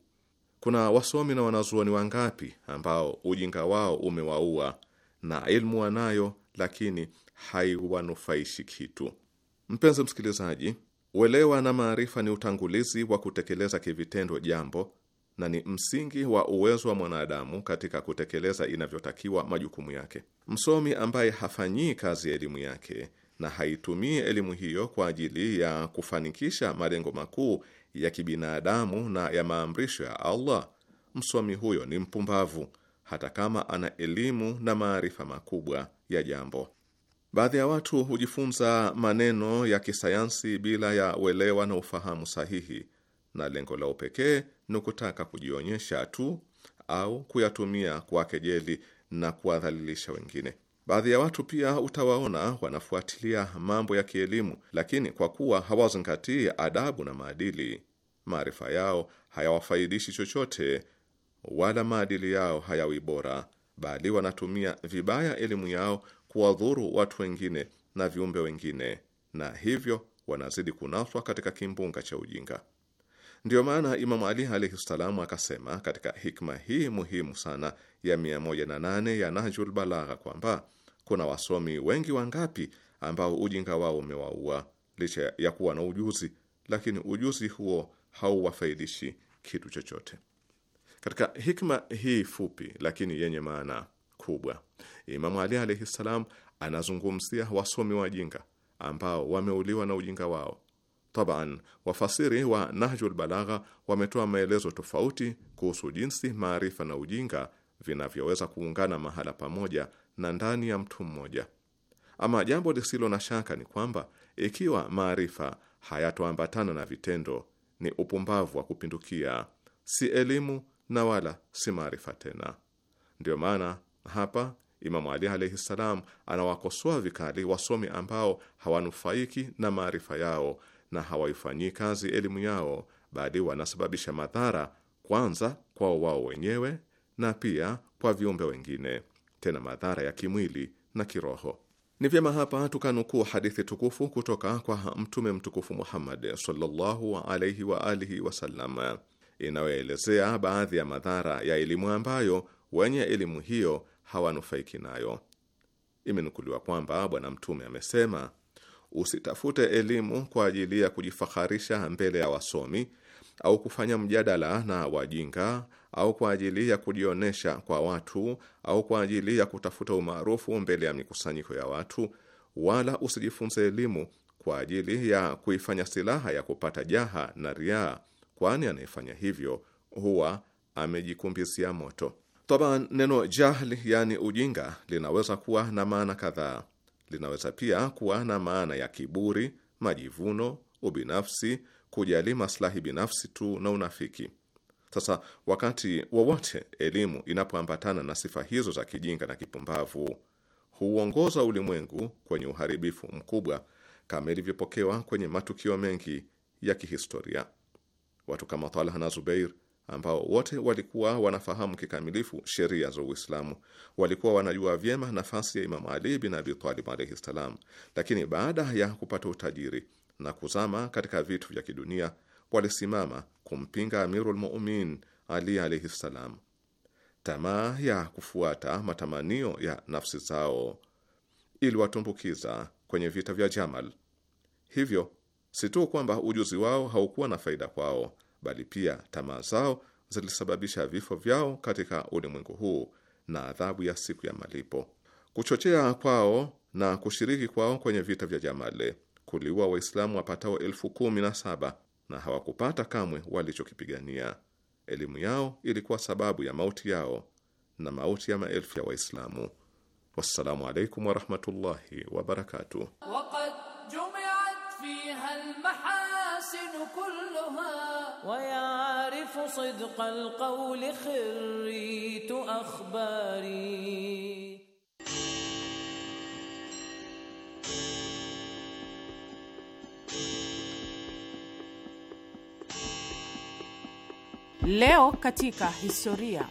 kuna wasomi na wanazuoni wangapi ambao ujinga wao umewaua na ilmu wanayo lakini haiwanufaishi kitu. Mpenzi msikilizaji, uelewa na maarifa ni utangulizi wa kutekeleza kivitendo jambo na ni msingi wa uwezo wa mwanadamu katika kutekeleza inavyotakiwa majukumu yake. Msomi ambaye hafanyii kazi ya elimu yake na haitumii elimu hiyo kwa ajili ya kufanikisha malengo makuu ya kibinadamu na ya maamrisho ya Allah, msomi huyo ni mpumbavu hata kama ana elimu na maarifa makubwa ya jambo. Baadhi ya watu hujifunza maneno ya kisayansi bila ya uelewa na ufahamu sahihi, na lengo lao pekee ni kutaka kujionyesha tu au kuyatumia kuwakejeli na kuwadhalilisha wengine. Baadhi ya watu pia utawaona wanafuatilia mambo ya kielimu, lakini kwa kuwa hawazingatii adabu na maadili, maarifa yao hayawafaidishi chochote wala maadili yao hayawi bora, bali wanatumia vibaya elimu yao kuwadhuru watu wengine na viumbe wengine, na hivyo wanazidi kunaswa katika kimbunga cha ujinga. Ndiyo maana Imamu Ali alaihi ssalamu akasema katika hikma hii muhimu sana ya 108 ya Nahjul Balagha kwamba kuna wasomi wengi wangapi ambao ujinga wao umewaua licha ya kuwa na ujuzi, lakini ujuzi huo hauwafaidishi kitu chochote. Katika hikma hii fupi lakini yenye maana kubwa, Imamu Ali alaihi ssalam anazungumzia wasomi wajinga ambao wameuliwa na ujinga wao. Taban, wafasiri wa Nahjul Balagha wametoa maelezo tofauti kuhusu jinsi maarifa na ujinga vinavyoweza kuungana mahala pamoja na ndani ya mtu mmoja. Ama jambo lisilo na shaka ni kwamba ikiwa maarifa hayatoambatana na vitendo, ni upumbavu wa kupindukia, si elimu na wala si maarifa tena. Ndiyo maana hapa Imamu Ali alaihi ssalam anawakosoa vikali wasomi ambao hawanufaiki na maarifa yao na hawaifanyii kazi elimu yao, bali wanasababisha madhara kwanza kwao wao wenyewe na pia kwa viumbe wengine, tena madhara ya kimwili na kiroho. Ni vyema hapa tukanukuu hadithi tukufu kutoka kwa Mtume mtukufu Muhammad sallallahu alaihi wa alihi wasallam inayoelezea baadhi ya madhara ya elimu ambayo wenye elimu hiyo hawanufaiki nayo. Imenukuliwa kwamba Bwana Mtume amesema, usitafute elimu kwa ajili ya kujifaharisha mbele ya wasomi au kufanya mjadala na wajinga au kwa ajili ya kujionyesha kwa watu au kwa ajili ya kutafuta umaarufu mbele ya mikusanyiko ya watu, wala usijifunze elimu kwa ajili ya kuifanya silaha ya kupata jaha na riaa kwani anayefanya hivyo huwa amejikumbizia moto. Taban, neno jahl yani ujinga, linaweza kuwa na maana kadhaa. Linaweza pia kuwa na maana ya kiburi, majivuno, ubinafsi, kujali maslahi binafsi tu na unafiki. Sasa wakati wowote elimu inapoambatana na sifa hizo za kijinga na kipumbavu huuongoza ulimwengu kwenye uharibifu mkubwa, kama ilivyopokewa kwenye matukio mengi ya kihistoria. Watu kama Talha na Zubeir ambao wote walikuwa wanafahamu kikamilifu sheria za Uislamu, walikuwa wanajua vyema nafasi ya Imamu Ali bin Abi Talib alaihi ssalam, lakini baada ya kupata utajiri na kuzama katika vitu vya kidunia walisimama kumpinga Amirul Mu'minin Ali alaihi ssalam. Tamaa ya kufuata matamanio ya nafsi zao iliwatumbukiza kwenye vita vya Jamal, hivyo Si tu kwamba ujuzi wao haukuwa na faida kwao, bali pia tamaa zao zilisababisha vifo vyao katika ulimwengu huu na adhabu ya siku ya malipo. Kuchochea kwao na kushiriki kwao kwenye vita vya Jamale kuliua Waislamu wapatao elfu kumi na saba na hawakupata kamwe walichokipigania. Elimu yao ilikuwa sababu ya mauti yao na mauti ya maelfu ya Waislamu. Wassalamu alaikum warahmatullahi wabarakatuh.
ويعرف صدق القول خريت أخباري
Leo katika historia.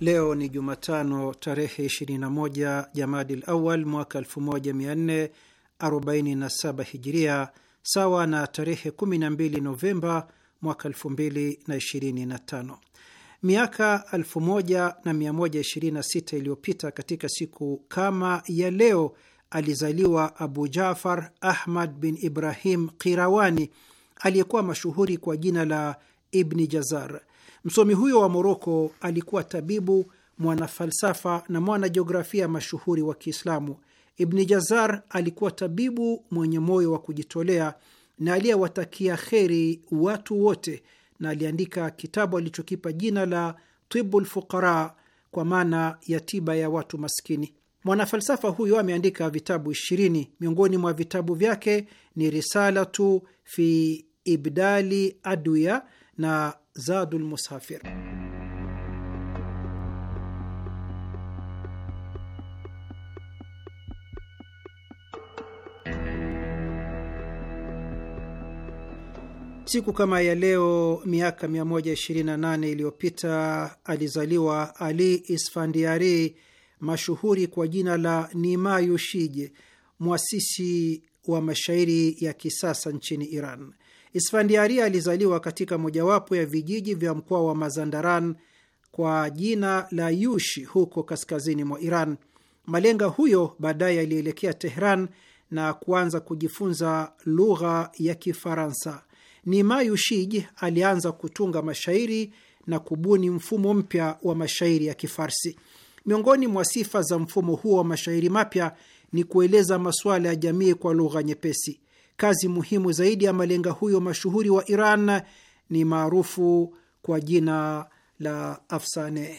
Leo ni Jumatano tarehe 21 Jamadil Awal mwaka 47 hijiria sawa na tarehe 12 Novemba mwaka 2025. Miaka 1126 iliyopita katika siku kama ya leo alizaliwa Abu Jafar Ahmad bin Ibrahim Qirawani aliyekuwa mashuhuri kwa jina la Ibni Jazar. Msomi huyo wa Moroko alikuwa tabibu, mwanafalsafa na mwanajiografia mashuhuri wa Kiislamu Ibni Jazar alikuwa tabibu mwenye moyo wa kujitolea na aliyewatakia kheri watu wote, na aliandika kitabu alichokipa jina la Tibu lfuqara, kwa maana ya tiba ya watu maskini. Mwanafalsafa huyo ameandika vitabu ishirini. Miongoni mwa vitabu vyake ni Risalatu fi ibdali adwiya na Zadul musafir. Siku kama ya leo miaka 128 iliyopita alizaliwa Ali Isfandiari, mashuhuri kwa jina la Nima Yushij, mwasisi wa mashairi ya kisasa nchini Iran. Isfandiari alizaliwa katika mojawapo ya vijiji vya mkoa wa Mazandaran kwa jina la Yushi huko kaskazini mwa Iran. Malenga huyo baadaye alielekea Tehran na kuanza kujifunza lugha ya Kifaransa. Nimayushij alianza kutunga mashairi na kubuni mfumo mpya wa mashairi ya Kifarsi. Miongoni mwa sifa za mfumo huo wa mashairi mapya ni kueleza masuala ya jamii kwa lugha nyepesi. Kazi muhimu zaidi ya malenga huyo mashuhuri wa Iran ni maarufu kwa jina la Afsane.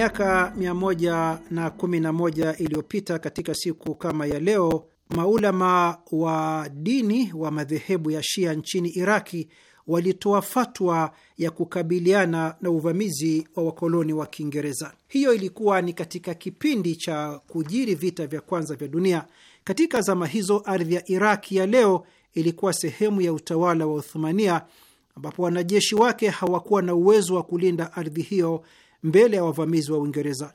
Miaka 111 iliyopita katika siku kama ya leo, maulama wa dini wa madhehebu ya Shia nchini Iraki walitoa fatwa ya kukabiliana na uvamizi wa wakoloni wa Kiingereza. Hiyo ilikuwa ni katika kipindi cha kujiri vita vya kwanza vya dunia. Katika zama hizo, ardhi ya Iraki ya leo ilikuwa sehemu ya utawala wa Uthumania, ambapo wanajeshi wake hawakuwa na uwezo wa kulinda ardhi hiyo mbele ya wavamizi wa Uingereza.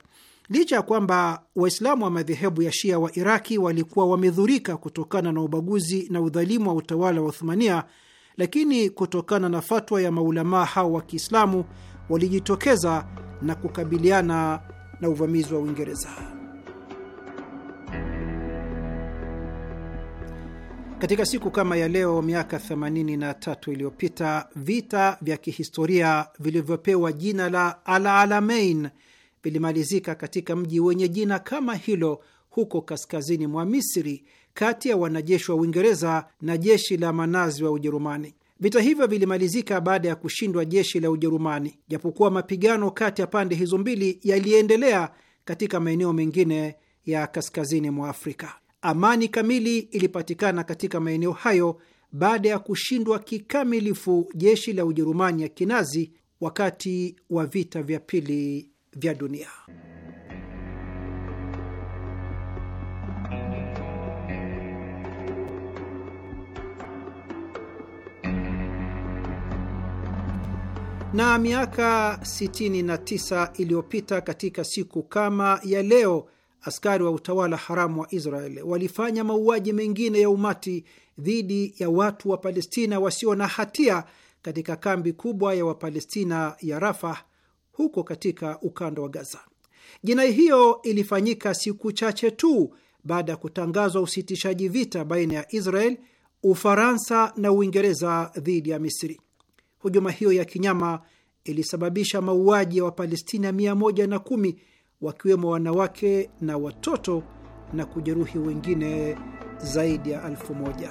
Licha ya kwamba Waislamu wa madhehebu ya Shia wa Iraki walikuwa wamedhurika kutokana na ubaguzi na udhalimu wa utawala wa Uthumania, lakini kutokana na fatwa ya maulamaa hao wa Kiislamu walijitokeza na kukabiliana na uvamizi wa Uingereza. Katika siku kama ya leo miaka 83 iliyopita vita vya kihistoria vilivyopewa jina la Al-Alamein vilimalizika katika mji wenye jina kama hilo huko kaskazini mwa Misri kati ya wanajeshi wa Uingereza na jeshi la manazi wa Ujerumani. Vita hivyo vilimalizika baada ya kushindwa jeshi la Ujerumani, japokuwa mapigano kati ya pande hizo mbili yaliendelea katika maeneo mengine ya kaskazini mwa Afrika. Amani kamili ilipatikana katika maeneo hayo baada ya kushindwa kikamilifu jeshi la Ujerumani ya Kinazi wakati wa vita vya pili vya dunia. Na miaka 69 iliyopita katika siku kama ya leo askari wa utawala haramu wa Israel walifanya mauaji mengine ya umati dhidi ya watu wa Palestina wasio na hatia katika kambi kubwa ya Wapalestina ya Rafah huko katika ukanda wa Gaza. Jinai hiyo ilifanyika siku chache tu baada ya kutangazwa usitishaji vita baina ya Israel, Ufaransa na Uingereza dhidi ya Misri. Hujuma hiyo ya kinyama ilisababisha mauaji ya Wapalestina 110 wakiwemo wanawake na watoto na kujeruhi wengine zaidi ya elfu moja.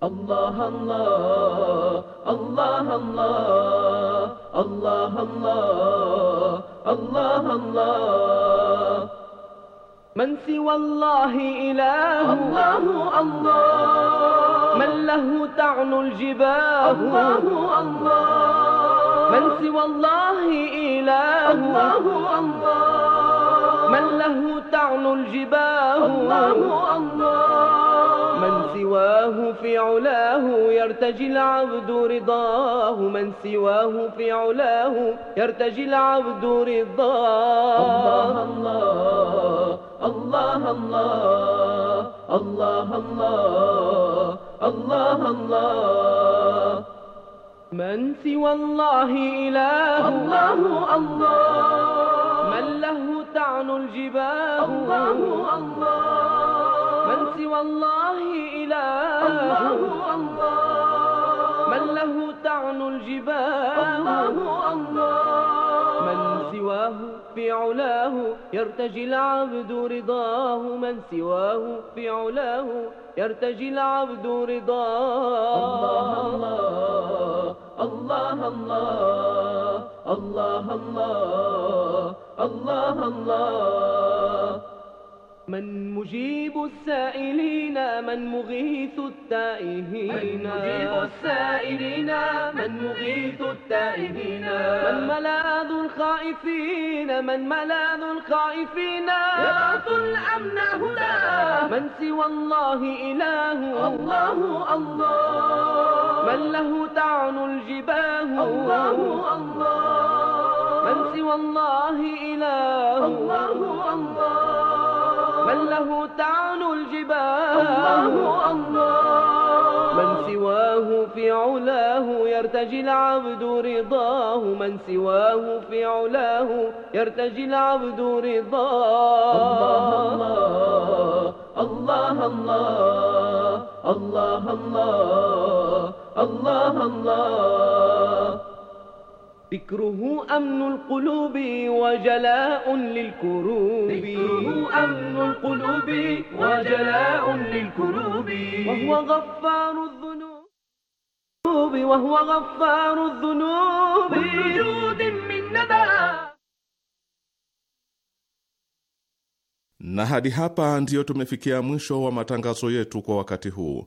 Allah Allah Allah Allah Allah Allah Allah Allah من سوى الله إله الله الله من له تعن الجباه الله الله من سوى الله إله الله الله من له تعن الجباه الله الله من سواه في علاه يرتجي العبد رضاه من سواه في علاه يرتجي العبد رضاه الله الله الله الله الله من سوى الله إله الله الله من له تعن الجباه الله الله من سوى الله إله الله الله من له تعن الجباه الله الله من سواه في علاه يرتجي العبد رضاه من سواه في علاه يرتجي العبد رضاه الله الله الله الله الله الله الله الله من مجيب السائلين من مغيث التائهين من مجيب السائلين من مغيث التائهين من ملاذ الخائفين من ملاذ الخائفين يبعث الأمن هدى من سوى الله إله الله الله من له تعن الجباه الله الله من سوى الله إله الله الله من له تعن الجبال الله الله من سواه في علاه يرتجي العبد رضاه من سواه في علاه يرتجي العبد رضاه الله الله الله الله الله الله الله الله ذكره أمن القلوب وجلاء للكروب ذكره أمن القلوب وجلاء للكروب وهو غفار الذنوب وهو غفار الذنوب كل من ندى
na hadi hapa ndiyo tumefikia mwisho wa matangazo yetu kwa wakati huu